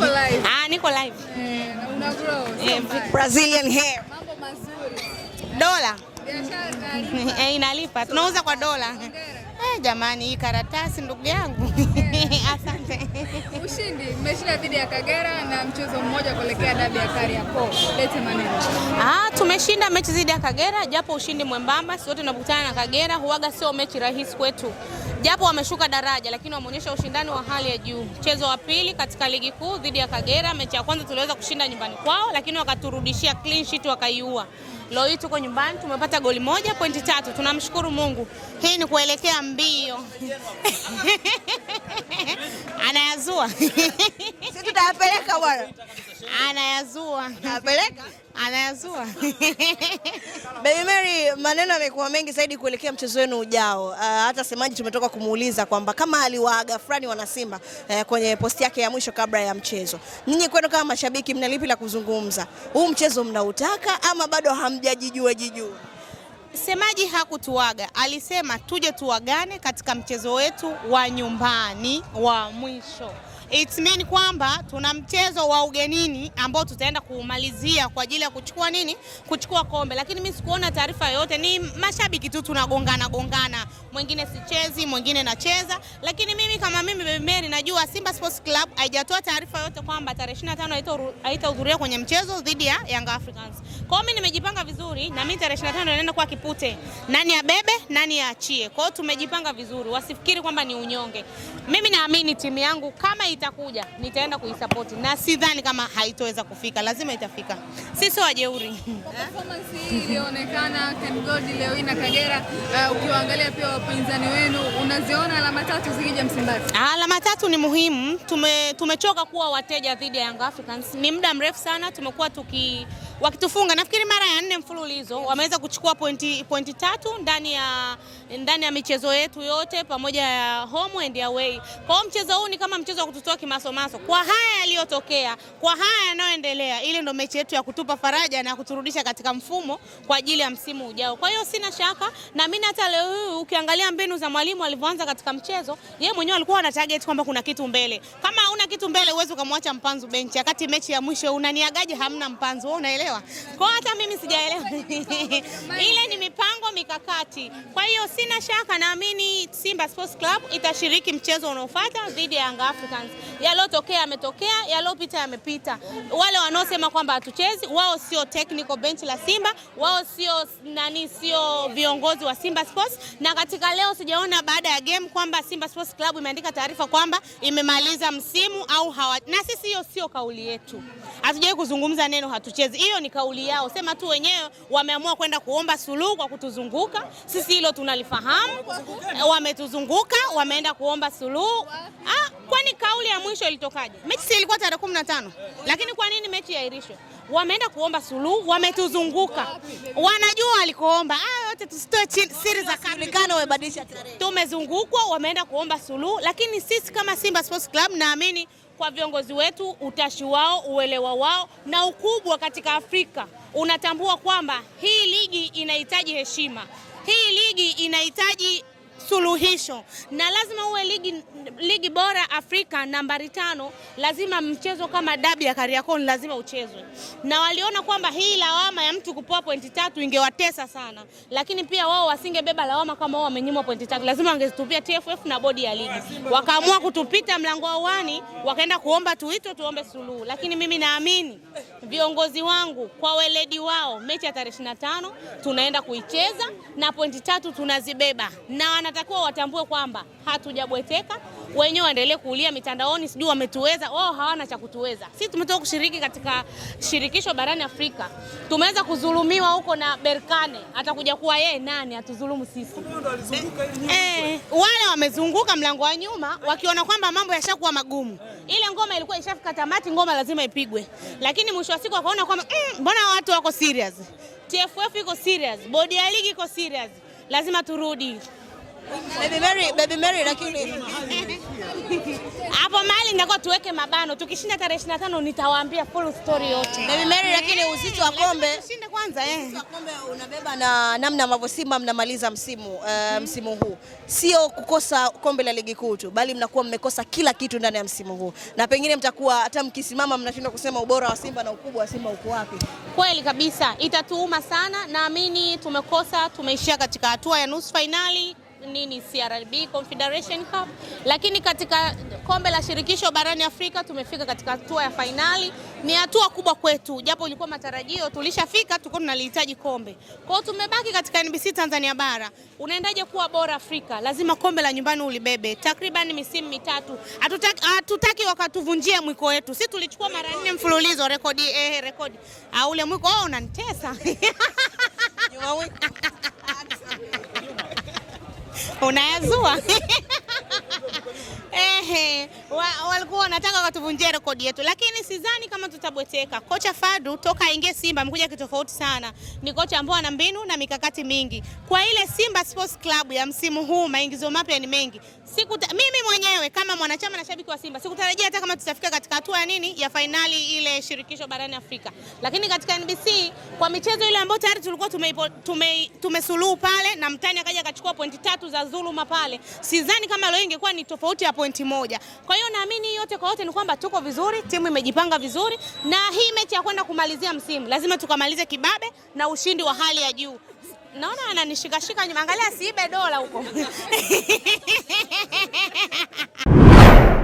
Ah, niko live. Eh, una grow. Eh, Brazilian hair. Mambo mazuri. Dola. Biashara eh, inalipa. Tunauza kwa dola. Eh, jamani hii karatasi ndugu yangu. Asante. Ushindi. umeshinda dhidi ya Kagera mchezo mmoja kuelekea dabi ya Kariakoo. Lete maneno. Ah, tumeshinda mechi dhidi ya Kagera japo ushindi mwembamba, sote tunakutana na Kagera huaga sio mechi rahisi kwetu japo wameshuka daraja lakini wameonyesha ushindani wa hali ya juu. Mchezo wa pili katika ligi kuu dhidi ya Kagera, mechi ya kwanza tuliweza kushinda nyumbani kwao, lakini wakaturudishia clean sheet wakaiua. Leo hii tuko nyumbani tumepata goli moja pointi tatu, tunamshukuru Mungu. Hii ni kuelekea mbio anayazua si tutawapeleka bwana. Anayazua. Anapeleka? Anayazua. Baby Mary, maneno yamekuwa mengi zaidi kuelekea mchezo wenu ujao. Uh, hata semaji tumetoka kumuuliza kwamba kama aliwaaga fulani wanasimba uh, kwenye posti yake ya mwisho kabla ya mchezo. Ninyi kwenu kama mashabiki mnalipi la kuzungumza? Huu mchezo mnautaka ama bado hamjajijua jijua? Msemaji hakutuaga, alisema tuje tuwagane katika mchezo wetu wa nyumbani wa mwisho. It mean kwamba tuna mchezo wa ugenini ambao tutaenda kuumalizia kwa ajili ya kuchukua nini? Kuchukua kombe. Lakini mimi sikuona taarifa yoyote, ni mashabiki tu tunagongana gongana, mwingine sichezi, mwingine nacheza. Lakini mimi kama mimi Baby Mary najua Simba Sports Club haijatoa taarifa yoyote kwamba tarehe 25 haitahudhuria kwenye mchezo dhidi ya Young Africans. Kwa hiyo mimi nimejipanga vizuri na mimi tarehe 25 naenda kwa kipa tutafute nani abebe nani aachie. Kwa hiyo tumejipanga vizuri, wasifikiri kwamba ni unyonge. Mimi naamini timu yangu kama itakuja nitaenda kuisapoti, na sidhani kama haitoweza kufika, lazima itafika. Sisi wajeuri. Performance hii ilionekana Ken Gold leo ina Kagera, Uh, ukiwaangalia pia wapinzani wenu, unaziona alama tatu zikija Msimbazi. Alama tatu ni muhimu. Tume tumechoka kuwa wateja dhidi ya Young Africans, ni muda mrefu sana tumekuwa tuki wakitufunga nafikiri mara ya nne mfululizo yes. wameweza kuchukua pointi, pointi tatu ndani ya, ndani ya michezo yetu yote pamoja ya home and away. Kwa hiyo mchezo huu ni kama mchezo wa kututoa kimasomaso kwa haya yaliyotokea, kwa haya yanayoendelea, ili ndo mechi yetu ya kutupa faraja na kuturudisha katika mfumo kwa ajili ya msimu ujao. Kwa hiyo sina shaka na mimi, hata leo hii ukiangalia mbinu za mwalimu alivyoanza katika mchezo, yeye mwenyewe alikuwa ana target kwamba kuna kitu mbele. Kama una kitu mbele, uweze kumwacha mpanzu benchi, wakati mechi ya mwisho unaniagaje? Hamna mpanzu wewe unaelewa sijaelewa. Kwa hata mimi sijaelewa ile ni mipango mikakati, kwa hiyo sina shaka, naamini Simba Sports Club itashiriki mchezo unaofuata dhidi ya Yanga Africans. Yalotokea yametokea, yalopita yamepita. Wale wanaosema kwamba hatuchezi, wao sio technical bench la Simba, wao sio nani, sio viongozi wa Simba Sports. Na katika leo sijaona baada ya game kwamba Simba Sports Club imeandika taarifa kwamba imemaliza msimu au hawa, na sisi hiyo sio kauli yetu, hatujawai kuzungumza neno hatuchezi. Hiyo ni kauli yao, sema tu wenyewe wameamua kwenda kuomba suluhu kwa kutuzunguka sisi, hilo tunalifahamu wametuzunguka, wameenda kuomba suluhu. Ah, kwani kauli ya mwisho ilitokaje? Mechi si ilikuwa tarehe kumi na tano, lakini kwa nini mechi iahirishwe? Wameenda kuomba suluhu, wametuzunguka, wanajua walikoomba. Ah, yote tusitoe siri za kalikano, wamebadilisha tarehe. Tumezungukwa, wameenda kuomba suluhu, lakini sisi kama Simba Sports Club naamini kwa viongozi wetu, utashi wao, uelewa wao na ukubwa katika Afrika unatambua kwamba hii ligi inahitaji heshima, hii ligi inahitaji suluhisho na lazima uwe ligi, ligi bora Afrika nambari tano. Lazima mchezo kama dabi ya Kariakoo lazima uchezwe, na waliona kwamba hii lawama ya mtu kupoa pointi tatu ingewatesa sana, lakini pia wao wasingebeba lawama kama wao wamenyimwa pointi tatu, lazima wangezitupia TFF na bodi ya ligi. Wakaamua kutupita mlango wa uani, wakaenda kuomba tuito tuombe suluhu, lakini mimi naamini viongozi wangu kwa weledi wao, mechi ya tarehe 25 tunaenda kuicheza na pointi tatu tunazibeba na wanatakiwa watambue kwamba hatujabweteka, wenyewe waendelee kuulia mitandaoni, sijui wametuweza wao, oh, hawana cha kutuweza sisi. Tumetoka kushiriki katika shirikisho barani Afrika, tumeweza kudhulumiwa huko na Berkane, atakuja kuwa yeye nani atudhulumu sisi? Eh, eh, wale wamezunguka mlango wa nyuma wakiona kwamba mambo yashakuwa magumu. Ile ngoma ilikuwa ishafika tamati, ngoma lazima ipigwe, lakini mwisho wa siku akaona kwamba mm, mbona mm, watu wako serious, TFF iko serious, bodi ya ligi iko serious, lazima turudi. Baby Mary, Baby Mary lakini hapo mali nitakuwa tuweke mabano. Tukishinda tarehe 25 nitawaambia full story yote. Baby Mary lakini uzito wa kombe ushinde kwanza eh. Uzito wa kombe unabeba na namna ambavyo Simba mnamaliza msimu uh, msimu huu. Sio kukosa kombe la ligi kuu tu, bali mnakuwa mmekosa kila kitu ndani ya msimu huu. Na pengine mtakuwa hata mkisimama mnashindwa kusema ubora wa Simba na ukubwa wa Simba uko wapi. Kweli kabisa. Itatuuma sana. Naamini tumekosa, tumeishia katika hatua ya nusu finali nini CRB Confederation Cup, lakini katika kombe la shirikisho barani Afrika tumefika katika hatua ya fainali. Ni hatua kubwa kwetu, japo ilikuwa matarajio, tulishafika, tulikuwa tunalihitaji kombe. Kwa hiyo tumebaki katika NBC Tanzania Bara. Unaendaje kuwa bora Afrika? Lazima kombe la nyumbani ulibebe. Takriban misimu mitatu hatutaki, hatutaki wakatuvunjia mwiko wetu. Sisi tulichukua mara nne mfululizo rekodi, eh, rekodi. Ule mwiko wao oh, unanitesa unayazua ehe walikuwa wanataka watuvunjie rekodi yetu, lakini sidhani kama tutabweteka. Kocha Fadu toka aingie Simba amekuja kitofauti sana, ni kocha ambao ana mbinu na mikakati mingi. Kwa ile Simba Sports Club ya msimu huu maingizo mapya ni mengi. Sikuta, mimi mwenyewe kama mwanachama na shabiki wa Simba sikutarajia hata kama tutafika katika hatua ya nini ya fainali ile shirikisho barani Afrika, lakini katika NBC kwa michezo ile ambayo tayari tulikuwa tumesuluhu tume, tume pale na mtani akaja akachukua pointi tatu za dhuluma pale, sidhani kama leo ingekuwa ni tofauti ya pointi moja. Kwa hiyo hiyo naamini yote kwa yote ni kwamba tuko vizuri, timu imejipanga vizuri, na hii mechi ya kwenda kumalizia msimu lazima tukamalize kibabe na ushindi wa hali ya juu. Naona ananishikashika nyuma, angalia siibe dola huko